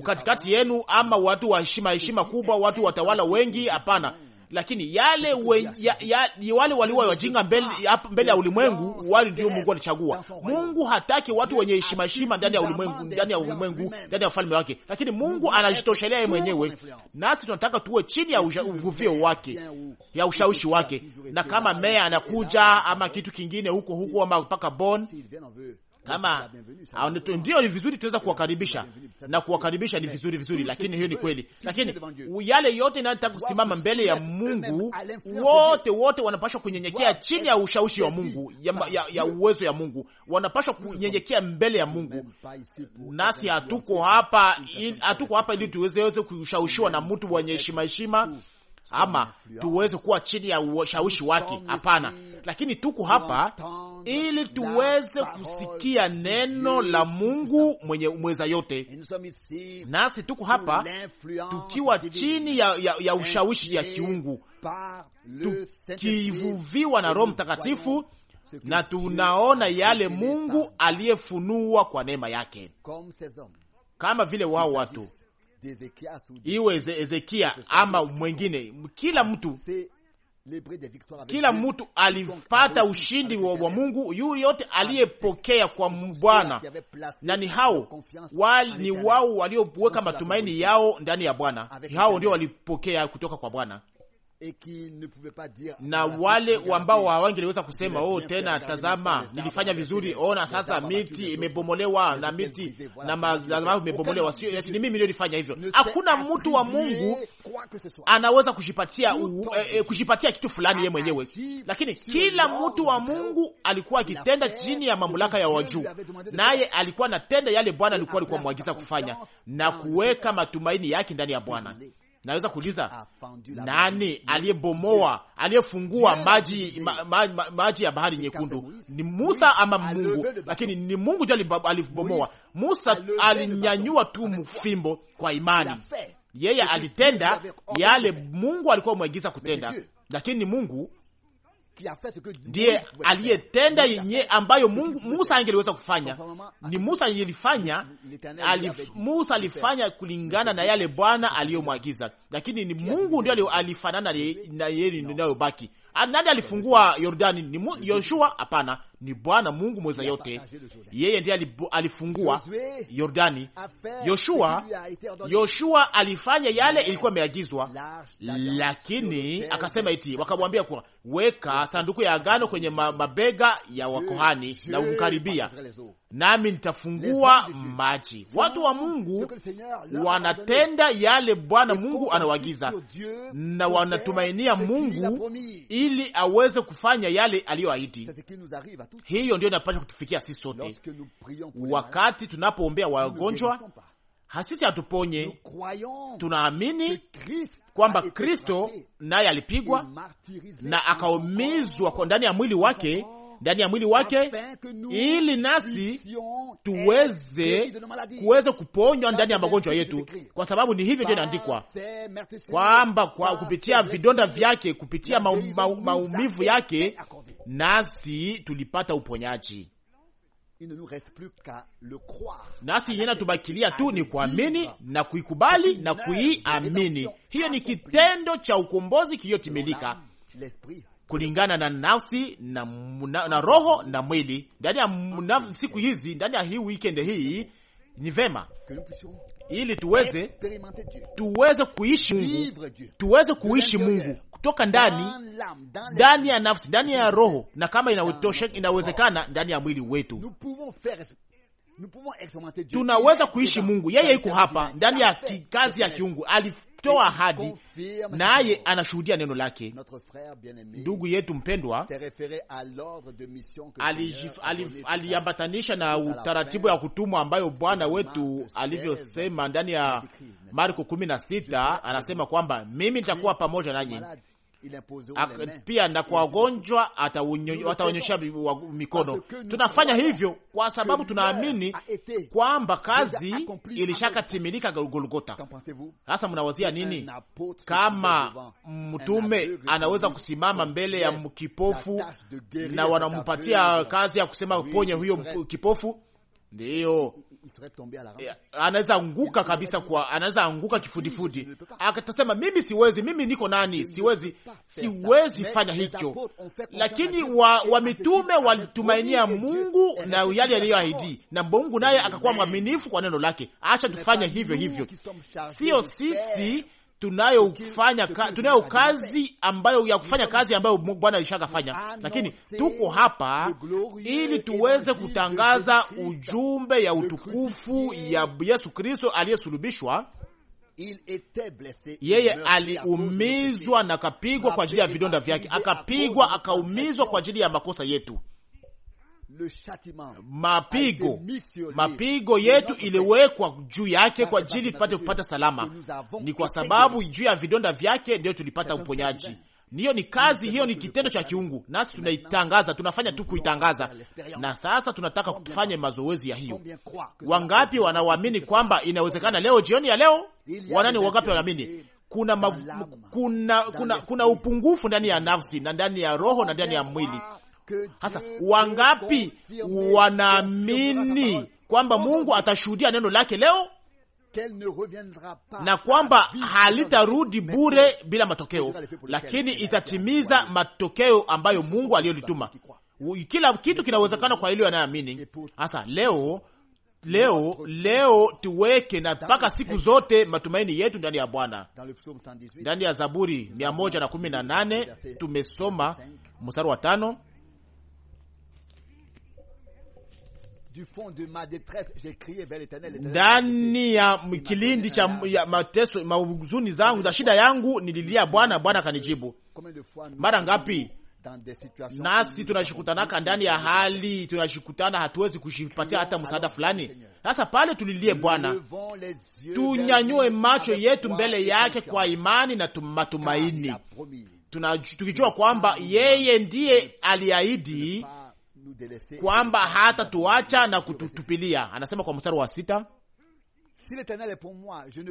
katikati yenu, ama watu wa heshima heshima kubwa, watu watawala wengi hapana, lakini yale we, ya, ya, ya, wale walio wajinga mbele, mbele ya ulimwengu, wale ndio Mungu alichagua. Mungu hataki watu wenye heshima heshima ndani ya ulimwengu, ndani ya ulimwengu, ndani ya ufalme wake, lakini Mungu anajitoshelea yeye mwenyewe, nasi tunataka tuwe chini ya uvuvio wake, ya ushawishi wake, na kama meya anakuja ama kitu kingine huko huko ama mpaka Bonn kama ndio ni vizuri, tunaweza kuwakaribisha na kuwakaribisha ni vizuri vizuri, lakini hiyo ni kweli, lakini yale yote inayotaka kusimama mbele ya Mungu, wote wote wanapashwa kunyenyekea chini ya ushawishi wa Mungu ya, ya, ya uwezo ya Mungu, wanapashwa kunyenyekea mbele ya Mungu. Nasi hatuko hapa, hatuko hapa ili tuwezeweze kushawishiwa na mtu mwenye heshima heshima ama tuweze kuwa chini ya ushawishi wake. Hapana, lakini tuko hapa ili tuweze kusikia neno la Mungu mwenye mweza yote, nasi tuko hapa tukiwa chini ya, ya, ya ushawishi ya kiungu, tukivuviwa na Roho Mtakatifu na tunaona yale Mungu aliyefunua kwa neema yake, kama vile wao watu iwe Ezekia ama mwengine, kila mtu kila mtu alipata ushindi wa, wa Mungu. Yu yote aliyepokea kwa Bwana, na ni hao wali, ni wao walioweka matumaini yao ndani ya Bwana, hao ndio walipokea kutoka kwa Bwana na wale ambao hawangeliweza kusema oh, tena tazama, nilifanya vizuri, ona sasa miti imebomolewa na miti na madhabahu imebomolewa, sio ni mimi nilifanya hivyo. Hakuna mtu wa Mungu anaweza kushipatia eh, eh kushipatia kitu fulani ye mwenyewe, lakini kila mtu wa Mungu alikuwa akitenda chini ya mamlaka ya wajuu, naye alikuwa anatenda yale Bwana alikuwa alikuwa mwagiza kufanya na kuweka matumaini yake ndani ya Bwana. Naweza kuuliza nani aliyebomoa, aliyefungua maji ma, ma, ma, maji ya bahari nyekundu? Ni Musa ama Mungu? Lakini ni Mungu ndio alibomoa. Musa alinyanyua tu mfimbo kwa imani, yeye alitenda yale Mungu alikuwa amwagiza kutenda, lakini Mungu ndiye aliyetenda yenye ambayo Mungu, Musa angeliweza kufanya. Ni Musa alifanya, alif, Musa alifanya kulingana na yale Bwana aliyomwagiza, lakini ni Mungu ndio alifanana na yeye inayobaki. Ah, nani alifungua Yordani? Ni Yoshua? Hapana, ni Bwana Mungu mweza yote, yeye ndiye alifungua Yordani. Yoshua Yoshua alifanya yale ilikuwa imeagizwa, lakini akasema iti, wakamwambia kuwa weka sanduku ya agano kwenye mabega ya wakohani na umkaribia nami nitafungua maji. Watu wa Mungu wanatenda yale Bwana Mungu anawagiza na wanatumainia Mungu ili aweze kufanya yale aliyoahidi. Hiyo ndio inapasha kutufikia sisi sote. Wakati tunapoombea wagonjwa, hasisi hatuponye, tunaamini kwamba Kristo naye alipigwa na akaumizwa kwa ndani ya mwili wake ndani ya mwili wake, ili nasi tuweze kuweza kuponywa ndani ya magonjwa yetu, kwa sababu ni hivyo ndio inaandikwa kwamba kwa kupitia vidonda vyake, kupitia maumivu ma, ma, yake, nasi tulipata uponyaji. Nasi yena tubakilia tu ni kuamini na kuikubali na kuiamini. Hiyo ni kitendo cha ukombozi kiliyotimilika kulingana na nafsi na, na, na roho na mwili ndani ya Siku hizi ndani ya hii weekend hii ni vema ili tuweze tuweze kuishi Mungu, tuweze kuishi Mungu kutoka ndani ndani ya nafsi, ndani ya roho, na kama inawezekana ndani ya mwili wetu tunaweza kuishi Mungu. Yeye iko hapa ndani ya kazi ya kiungu, kutoa ahadi, naye anashuhudia neno lake. Ndugu yetu mpendwa aliambatanisha na utaratibu ya kutumwa ambayo Bwana wetu alivyosema ndani ya Marko 16 anasema kwamba mimi nitakuwa pamoja nanyi pia na kwa wagonjwa atawanyosha mikono. Tunafanya hivyo kwa sababu tunaamini kwamba kazi ilishakatimilika Golgota. Sasa mnawazia nini kama mtume anaweza kusimama oh, mbele ya kipofu na wanampatia kazi ya kusema ponye huyo kipofu? Ndiyo anaweza anguka kabisa, kwa anaweza anguka kifudifudi, akatasema mimi siwezi, mimi niko nani? Siwezi, siwezi fanya hicho. Lakini wa, wa mitume walitumainia Mungu na yale yaliyoahidi, na Mungu naye akakuwa mwaminifu kwa neno lake. Acha tufanye hivyo hivyo, sio sisi tunayofanya ka, tunayo kazi ambayo ya kufanya kazi ambayo Bwana alishakafanya, lakini tuko hapa ili tuweze kutangaza ujumbe ya utukufu ya Yesu Kristo aliyesulubishwa. Yeye aliumizwa na akapigwa kwa ajili ya vidonda vyake, akapigwa akaumizwa kwa ajili ya makosa yetu mapigo mapigo yetu iliwekwa juu yake kwa ajili tupate kupata salama. Ni kwa sababu juu ya vidonda vyake ndiyo tulipata uponyaji. Niyo ni kazi hiyo, ni kitendo cha kiungu, nasi tunaitangaza, tunafanya tu kuitangaza. Na sasa tunataka kufanya mazoezi ya hiyo. Wangapi wanawamini kwamba inawezekana leo jioni ya leo? Wanani wangapi wanaamini? Kuna, kuna, kuna, kuna upungufu ndani ya nafsi na ndani ya roho na ndani ya mwili Hasa wangapi wanaamini kwamba Mungu atashuhudia neno lake leo na kwamba halitarudi bure bila matokeo, lakini itatimiza matokeo ambayo Mungu aliyolituma. Kila kitu kinawezekana kwa ile wanayoamini. Hasa leo leo leo tuweke na mpaka siku zote matumaini yetu ndani ya Bwana. Ndani ya Zaburi 118 tumesoma mstari wa tano ndani ya kilindi cha mateso mahuzuni zangu za shida yangu nililia Bwana, Bwana akanijibu. Mara ngapi nasi tunashikutanaka ndani ya hali tunashikutana, hatuwezi kushipatia hata msaada fulani. Sasa pale tulilie Bwana, tunyanyue macho yetu mbele yake kwa imani na matumaini, tukijua kwamba yeye ndiye aliahidi kwamba hata tuacha na kututupilia. Anasema kwa mstari wa sita,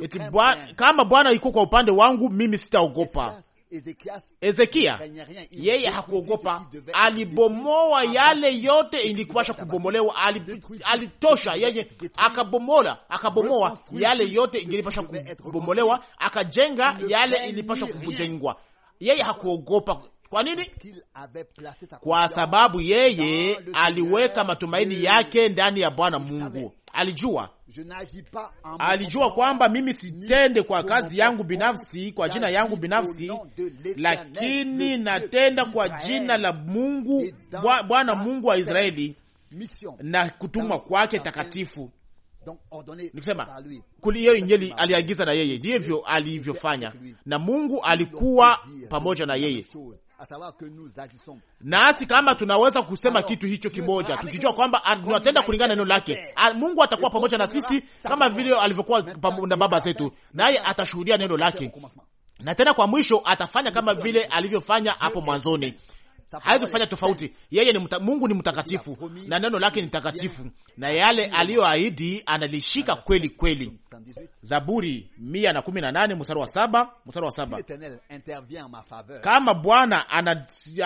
eti bwa, kama Bwana iko kwa upande wangu mimi sitaogopa. Ezekia yeye hakuogopa, alibomoa yale yote ilikuwasha kubomolewa, alitosha yeye, akabomola akabomoa yale yote ingilipasha kubomolewa, akajenga yale ilipasha kujengwa. Yeye hakuogopa kwa nini? Kwa sababu yeye aliweka matumaini yake ndani ya Bwana Mungu. Alijua, alijua kwamba mimi sitende kwa kazi yangu binafsi, kwa jina yangu binafsi, lakini natenda kwa jina la Mungu, Bwana Mungu wa Israeli na kutumwa kwake takatifu. Nikisema hiyo inyeli aliagiza na yeye ndivyo alivyofanya, na Mungu alikuwa pamoja na yeye nasi kama tunaweza kusema kitu hicho kimoja, tukijua kwamba tunatenda kulingana neno lake, ah, Mungu atakuwa pamoja na sisi kama vile alivyokuwa na baba zetu, naye atashuhudia neno lake na tena kwa mwisho atafanya kama vile alivyofanya hapo mwanzoni hawezi kufanya tofauti. Yeye ni muta, Mungu ni mtakatifu na neno lake ni takatifu, na yale aliyoahidi analishika kweli kweli. Zaburi mia na kumi na nane mstari wa saba mstari wa saba Kama Bwana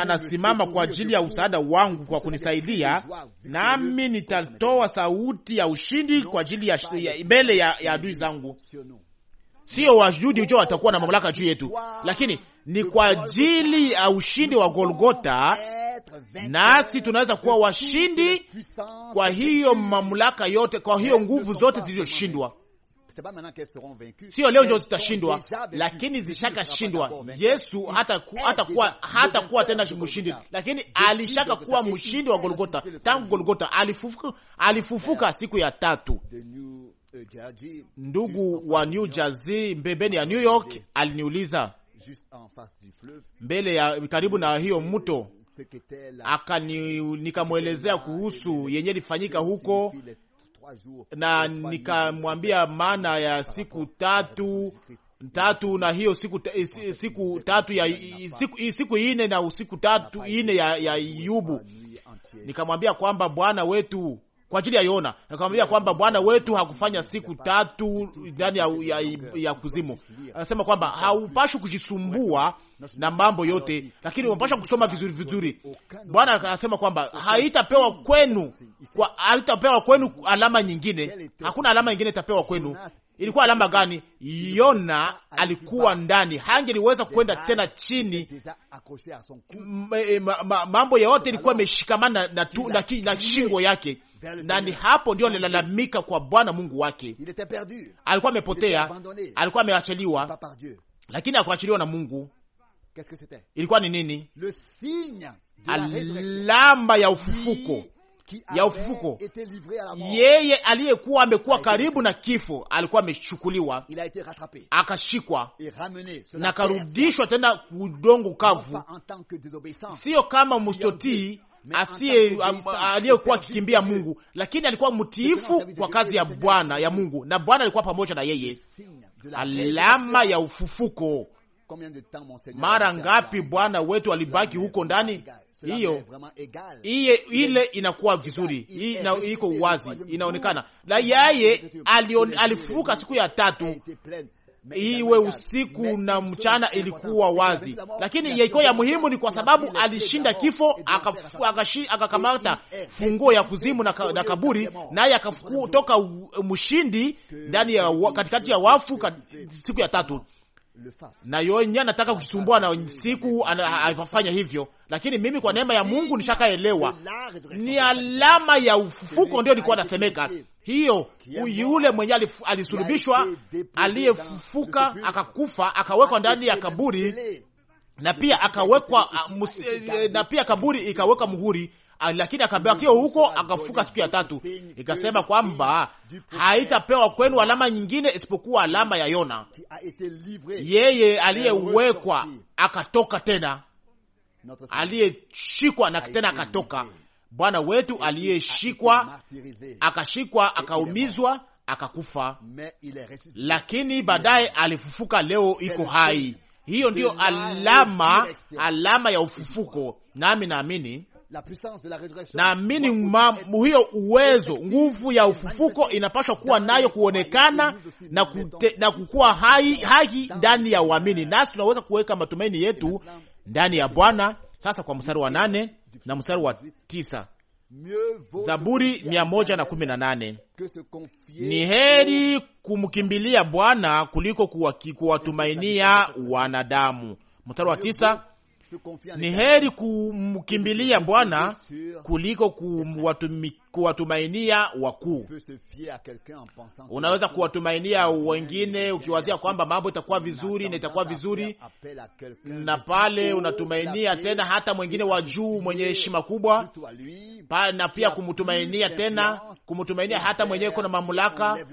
anasimama kwa ajili ya usaada wangu kwa kunisaidia, nami nitatoa sauti ya ushindi kwa ajili ya mbele ya adui zangu sio Wayahudi ucho watakuwa na mamlaka juu yetu, lakini ni kwa ajili ya ushindi wa Golgota, nasi tunaweza kuwa washindi kwa hiyo mamlaka yote, kwa hiyo nguvu zote zilizoshindwa. Sio leo ndio zitashindwa, lakini zishaka shindwa. Yesu hata, ku, hata, kuwa, hata kuwa tena mshindi, lakini alishaka kuwa mshindi wa Golgota. Tangu Golgota alifufuka, alifufuka siku ya tatu ndugu wa New Jersey mbembeni ya New York aliniuliza mbele ya karibu na hiyo mto akani, nikamwelezea kuhusu yenye lifanyika huko na nikamwambia maana ya siku tatu tatu na hiyo siku siku tatu ya siku, siku ine na usiku tatu ine ya, ya Yubu. Nikamwambia kwamba Bwana wetu kwa ajili ya Yona, akamwambia kwamba Bwana wetu hakufanya siku tatu ndani ya, ya, ya kuzimu. Anasema kwamba haupashi kujisumbua na mambo yote, lakini unapasha kusoma vizuri vizuri. Bwana anasema kwamba haitapewa kwenu kwa, haitapewa kwenu alama nyingine, hakuna alama nyingine itapewa kwenu. Ilikuwa alama gani? Yona alikuwa ndani, hangeliweza kwenda tena chini. Eh, mambo yote ilikuwa imeshikamana na, na, na, na, na shingo yake na ni hapo ndio alilalamika kwa Bwana Mungu wake. Alikuwa amepotea, alikuwa ameachiliwa, lakini akuachiliwa na Mungu. Ilikuwa ni nini? Alama ya ufufuko ya ufufuko. Yeye aliyekuwa amekuwa karibu na kifo alikuwa amechukuliwa, akashikwa na akarudishwa tena udongo kavu, siyo kama mustoti asiye aliyekuwa akikimbia Mungu, lakini alikuwa mtiifu kwa kazi ya Bwana ya Mungu, na Bwana alikuwa pamoja na yeye, alama ya ufufuko. Mara ngapi Bwana wetu alibaki huko ndani hiyo iye ile inakuwa vizuri, iko wazi, inaonekana na yeye alifufuka siku ya tatu iwe usiku na mchana, ilikuwa wazi, lakini ilikuwa ya muhimu ni kwa sababu alishinda kifo, akakamata funguo ya eh, kuzimu na kaburi, naye akatoka mshindi ndani ya katikati ya wafu siku ya tatu na yonye anataka kusumbua na siku anafanya hivyo, lakini mimi kwa neema ya Mungu nishakaelewa ni alama ya ufufuko, ndio ilikuwa nasemeka hiyo. Yule mwenye alisulubishwa, aliyefufuka, akakufa, akawekwa ndani ya kaburi na pia akawekwa eh, na pia kaburi ikawekwa muhuri Ah, lakini akapewa kio huko, akafuka siku ya tatu. Ikasema kwamba haitapewa kwenu alama nyingine isipokuwa alama ya Yona, yeye aliyewekwa akatoka tena, aliyeshikwa na tena akatoka. Bwana wetu aliyeshikwa, akashikwa, akaumizwa, akakufa, lakini baadaye alifufuka, leo iko hai. Hiyo ndiyo alama, alama ya ufufuko, nami naamini Naamini hiyo uwezo, nguvu ya ufufuko inapaswa kuwa nayo kuonekana na, kute, na kukuwa hai, hai ndani ya uamini, nasi tunaweza kuweka matumaini yetu ndani ya Bwana. Sasa kwa mstari wa nane na mstari wa tisa Zaburi mia moja na kumi na nane ni heri kumkimbilia Bwana kuliko kuwatumainia wanadamu. Mstari wa tisa ni heri kumkimbilia Bwana kuliko kuwatumainia wakuu. Unaweza kuwatumainia wengine ukiwazia kwamba mambo itakuwa vizuri na itakuwa vizuri, na pale unatumainia tena hata mwengine wa juu mwenye heshima kubwa, na pia kumtumainia tena kumtumainia hata mwenyewe kuna mamlaka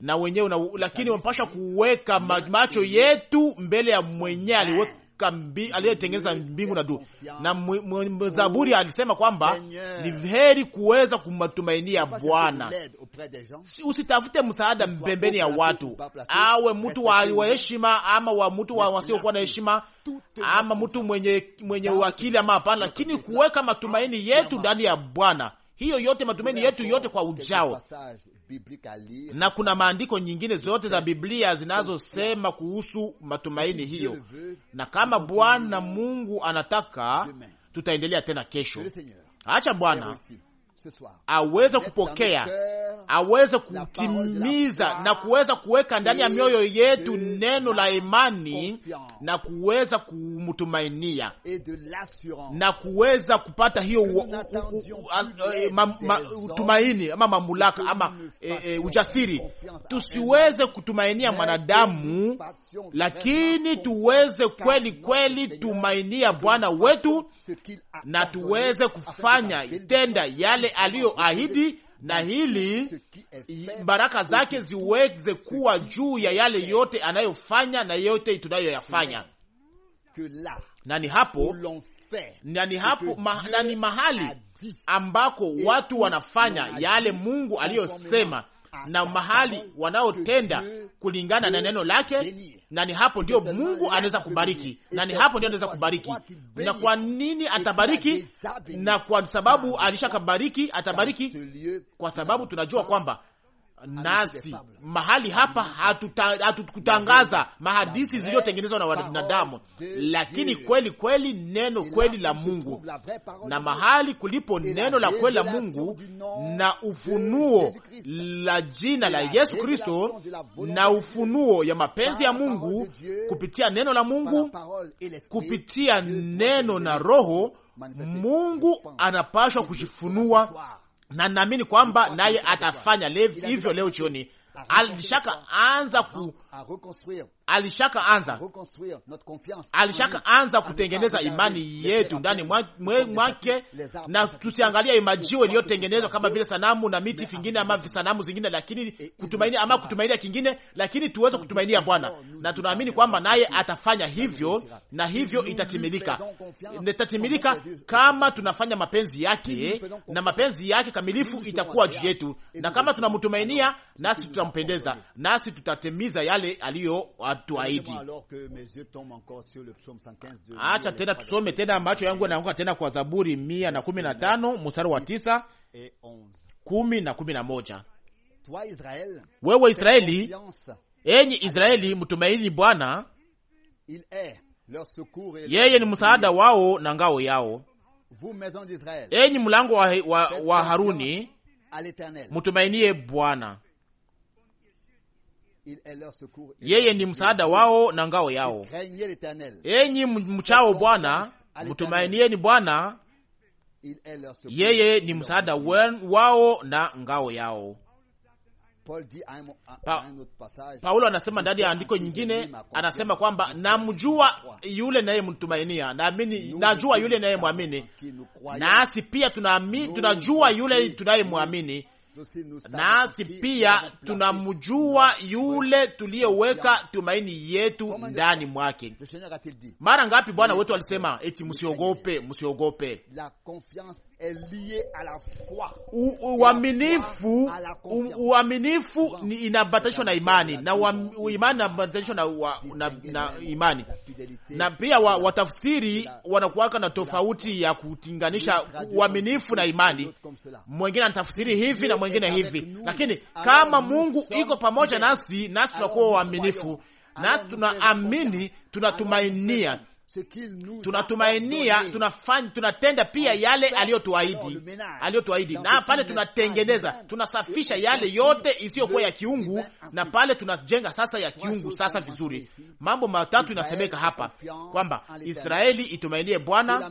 na wenyewe, lakini unapasha kuweka macho yetu mbele ya mwenyewe aliweka aliyetengeneza mbingu na du na mzaburi alisema kwamba ni heri kuweza kumatumainia Bwana. Usitafute msaada pembeni ya watu, awe mtu wa heshima ama wa mtu wa wasiokuwa na heshima ama mtu mwenye mwenye uakili ama hapana, lakini kuweka matumaini yetu ndani ya Bwana hiyo yote matumaini yetu yote kwa ujao na kuna maandiko nyingine zote za Biblia zinazosema kuhusu matumaini hiyo, na kama Bwana Mungu anataka tutaendelea tena kesho. Acha Bwana aweze kupokea, aweze kutimiza na kuweza kuweka ndani ya mioyo yetu neno la imani na kuweza kumtumainia na kuweza kupata hiyo utumaini eh, ama mamulaka ama e, e, ujasiri. Tusiweze kutumainia mwanadamu, lakini tuweze kweli kweli tumainia Bwana wetu na tuweze kufanya tenda yale aliyoahidi, na hili baraka zake ziweze kuwa juu ya yale yote anayofanya na yote tunayoyafanya. Na ni hapo na ni hapo ma, na ni mahali ambako watu wanafanya yale Mungu aliyosema na mahali wanaotenda kulingana na neno lake, na ni hapo ndio Mungu anaweza kubariki, na ni hapo ndio anaweza kubariki. Na kwa nini atabariki? Na kwa sababu alishakabariki, atabariki kwa sababu tunajua kwamba nasi mahali hapa mm-hmm. hatukutangaza mahadisi zilizotengenezwa na wanadamu, lakini kweli kweli neno kweli la Mungu, na mahali kulipo neno la kweli la Mungu na ufunuo la jina la Yesu Kristo na ufunuo ya mapenzi ya Mungu kupitia neno la Mungu, kupitia neno na Roho Mungu anapashwa kujifunua na ninaamini kwamba naye atafanya hivyo leo jioni. Alishaka anza ku alishaka anza alishaka anza kutengeneza imani yetu ndani mwake, na tusiangalia imajiwe iliyotengenezwa kama vile sanamu na miti vingine ama sanamu zingine, lakini kutumainia ama kutumainia kingine, lakini tuweze kutumainia Bwana, na tunaamini kwamba naye atafanya hivyo, na hivyo itatimilika, itatimilika kama tunafanya mapenzi yake, na mapenzi yake kamilifu itakuwa juu yetu, na kama tunamtumainia, nasi tutampendeza, nasi tutatimiza yale yale aliyotuahidi. Acha tena tusome tena, macho yangu yanaanguka tena kwa Zaburi mia na kumi na tano mstari wa tisa kumi na kumi na moja wewe Israeli, enyi Israeli, mtumaini Bwana, yeye ni msaada wao na ngao yao. Enyi mlango wa, wa, wa Haruni, mtumainie Bwana yeye ni msaada wao na ngao yao. Enyi mchao Bwana, mtumainieni Bwana, yeye ni msaada wao na ngao yao. Pa, Paulo anasema ndani ya andiko nyingine, anasema kwamba namjua yule nayemtumainia, naamini najua yule nayemwamini, nasi pia tunajua yule tunayemwamini nasi pia tunamjua yule tuliyeweka tumaini yetu ndani mwake. Mara ngapi Bwana wetu alisema eti msiogope, msiogope Uaminifu uaminifu inabatanishwa na imani na imani inabatanishwa na, na, na imani na pia wa, watafsiri wanakuwaka na tofauti ya kutinganisha uaminifu na imani. Mwengine anatafsiri hivi na mwengine hivi, lakini kama Mungu iko pamoja nasi, nasi tunakuwa waaminifu, nasi tunaamini, tunatumainia tunatumainia, tunafanya, tunatenda pia yale aliyotuahidi, aliyotuahidi, na pale tunatengeneza, tunasafisha yale yote isiyokuwa ya kiungu, na pale tunajenga sasa ya kiungu. Sasa vizuri, mambo matatu inasemeka hapa kwamba Israeli itumainie Bwana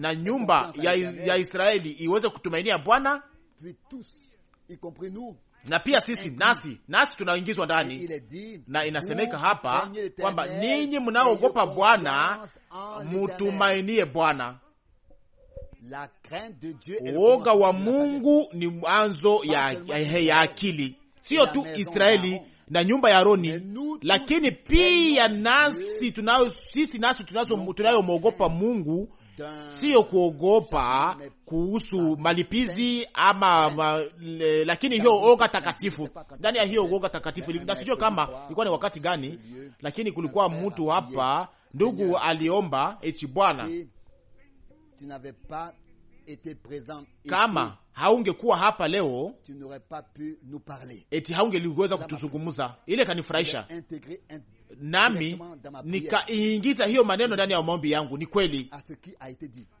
na nyumba ya, ya Israeli iweze kutumainia Bwana na pia sisi nasi nasi tunaingizwa ndani, na inasemeka hapa kwamba ninyi mnaogopa Bwana mutumainie Bwana. Uoga wa Mungu ni mwanzo ya, ya, ya akili, siyo tu Israeli na nyumba ya Aroni, lakini pia nasi tunayo sisi nasi tunayomwogopa Mungu, sio kuogopa kuhusu malipizi ama ma, le, lakini hiyo oga takatifu ndani ya hiyo oga takatifu. Na sijue kama ilikuwa ni wakati gani, lakini kulikuwa mtu hapa ndugu aliomba eti Bwana kama haungekuwa hapa leo, eti haungeliweza kutuzungumza. Ile kanifurahisha nami nikaingiza hiyo maneno ndani ya maombi yangu. Ni kweli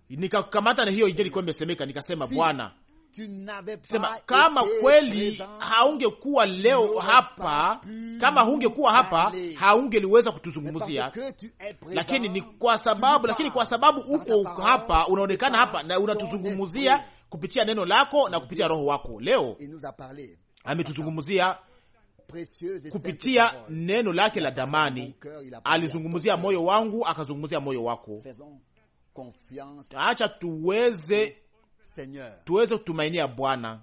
nikakamata na hiyo ijeli ilikuwa imesemeka, nikasema Bwana sema kama kweli haungekuwa leo hapa, kama hungekuwa hapa haungeliweza kutuzungumzia, lakini ni kwa sababu, lakini kwa sababu uko hapa, unaonekana hapa na unatuzungumzia kupitia neno lako na kupitia Roho wako. Leo ametuzungumzia kupitia neno lake la damani, alizungumzia moyo wangu, akazungumzia moyo wako. Acha tuweze tuweze kutumainia Bwana,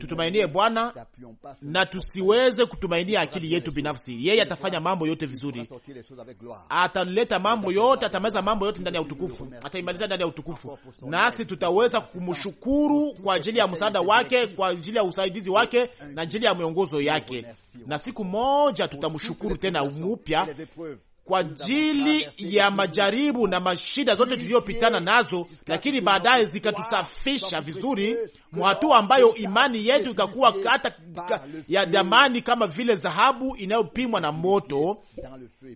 tutumainie Bwana na tusiweze kutumainia akili yetu binafsi. Yeye atafanya mambo yote vizuri, ataleta mambo yote, atamaliza mambo yote ndani ya utukufu, ataimaliza ndani ya utukufu, nasi tutaweza kumshukuru kwa ajili ya msaada wake, kwa ajili ya usaidizi wake na ajili ya miongozo yake, na siku moja tutamshukuru tena upya kwa ajili ya majaribu na mashida zote tuliyopitana nazo, lakini baadaye zikatusafisha vizuri, hatua ambayo imani yetu ikakuwa hata ya damani kama vile dhahabu inayopimwa na moto,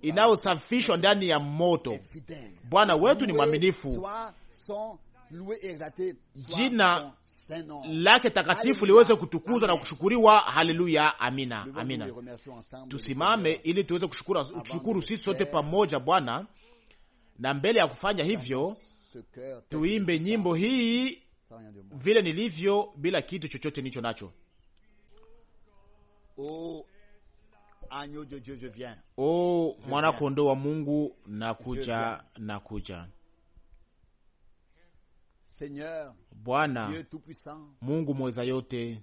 inayosafishwa ndani ya moto. Bwana wetu ni mwaminifu. Jina lake takatifu liweze kutukuzwa na kushukuriwa. Haleluya, amina, amina. Tusimame ili tuweze kushukuru sisi sote pamoja Bwana, na mbele ya kufanya hivyo tuimbe nyimbo hii vile nilivyo, bila kitu chochote nicho nacho. O oh, oh, mwana kondoo wa Mungu, nakuja, nakuja. Bwana Mungu mweza yote,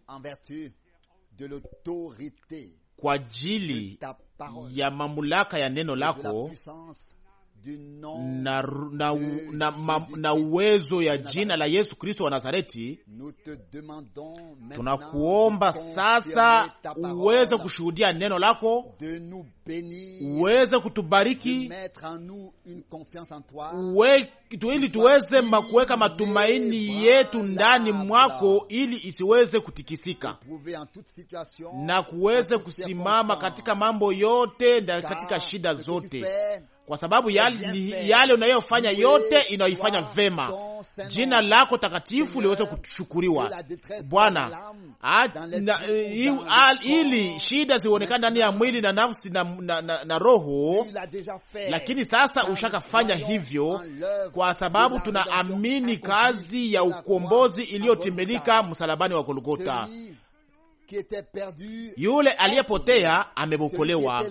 kwa ajili ya mamlaka ya neno lako na, na, euh, na, ma, na uwezo ya jina la Yesu Kristo wa Nazareti, tunakuomba sasa uweze kushuhudia neno lako, uweze kutubariki ili tuweze kuweka matumaini yetu ndani mwako, ili isiweze kutikisika na kuweze kusimama katika mambo yote na katika shida zote kwa sababu yale, yale unayofanya yote inaifanya vema. Jina lako takatifu liweze kushukuriwa Bwana, eh, ili shida zionekane ndani ya mwili na nafsi na, na, na, na roho. Lakini sasa ushakafanya hivyo, kwa sababu tunaamini kazi ya ukombozi iliyotimilika msalabani wa Golgota. Yule aliyepotea amebokolewa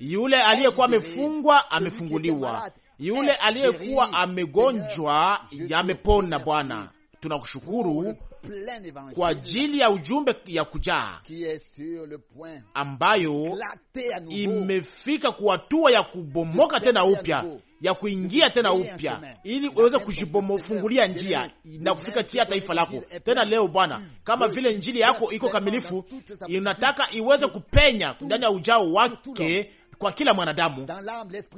yule aliyekuwa amefungwa amefunguliwa, yule aliyekuwa amegonjwa yamepona. Bwana, tunakushukuru kwa ajili ya ujumbe ya kujaa ambayo imefika kuhatua ya kubomoka tena upya ya kuingia tena upya ili uweze kujibomofungulia njia na kufika tia taifa lako tena leo Bwana, kama vile njili yako iko kamilifu, inataka iweze kupenya ndani ya ujao wake kwa kila mwanadamu,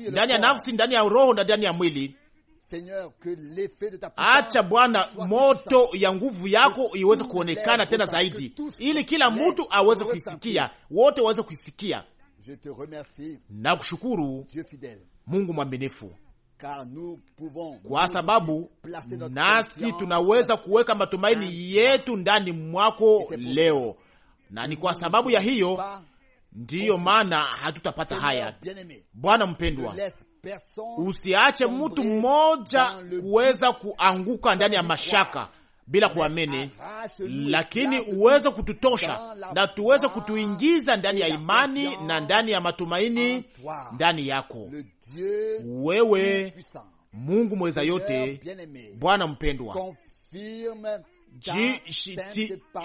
ndani ya nafsi, ndani ya roho na ndani ya mwili Acha Bwana moto ya nguvu yako iweze kuonekana tena zaidi, ili kila mtu aweze kuisikia, wote waweze kuisikia na kushukuru Mungu mwaminifu, kwa sababu nasi tunaweza kuweka matumaini yetu ndani mwako leo, na ni kwa sababu ya hiyo ndiyo maana hatutapata haya. Bwana mpendwa, Usiache mtu mmoja kuweza kuanguka ndani ya mashaka bila kuamini, lakini uweze kututosha na tuweze kutuingiza ndani ya imani na ndani ya matumaini ndani yako wewe, Mungu mweza yote. Bwana mpendwa,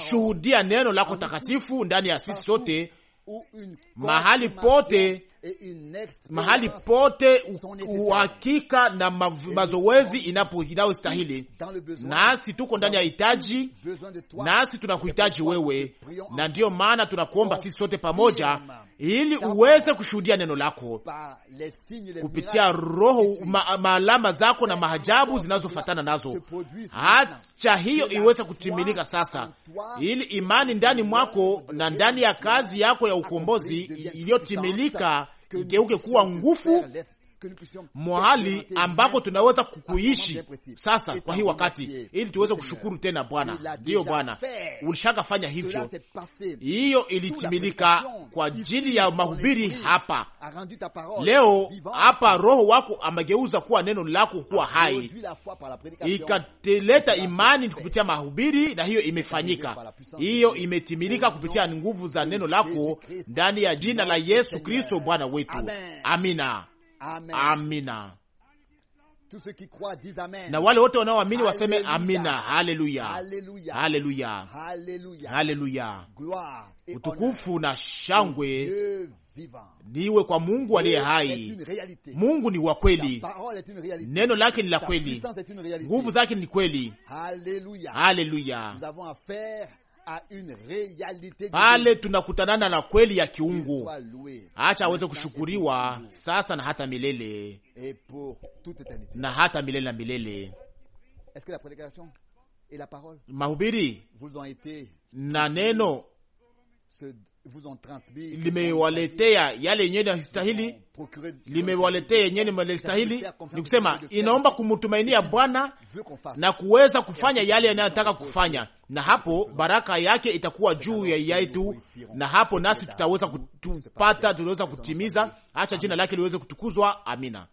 shuhudia neno lako takatifu ndani ya sisi sote mahali pote mahali pote uhakika na mazoezi inayostahili. Nasi tuko ndani ya hitaji, nasi tunakuhitaji wewe, na ndiyo maana tunakuomba sisi sote pamoja ili uweze kushuhudia neno lako kupitia roho ma, maalama zako na mahajabu zinazofatana nazo, hacha hiyo iweze kutimilika sasa, ili imani ndani mwako na ndani ya kazi yako ya ukombozi iliyotimilika igeuke kuwa nguvu mwahali ambako tunaweza kukuishi sasa kwa hii wakati, ili tuweze kushukuru tena Bwana. Ndiyo Bwana, ulishakafanya hivyo, hiyo ilitimilika kwa ajili ya mahubiri hapa leo. Hapa Roho wako amegeuza kuwa neno lako kuwa hai, ikateleta imani kupitia mahubiri, na hiyo imefanyika, hiyo imetimilika kupitia nguvu za neno lako ndani ya jina la Yesu Kristo Bwana wetu, amina amen. Amina. Na wale wote wanaoamini waseme amina. Haleluya, haleluya, haleluya! Utukufu na shangwe niwe kwa Mungu aliye hai. Mungu ni wa kweli, neno lake ni la kweli, nguvu zake ni kweli. Haleluya, haleluya! pale tunakutanana na kweli ya kiungu. Acha aweze kushukuriwa sasa na hata milele na hata milele na milele. Mahubiri na neno limewaletea yale yenye nastahili, limewaletea yenyewe nastahili, ni kusema inaomba kumtumainia Bwana na kuweza kufanya yale yanayotaka kufanya, na hapo baraka yake itakuwa juu ya yaitu, na hapo nasi tutaweza kutupata, tutaweza kutimiza. Acha jina lake liweze kutukuzwa. Amina.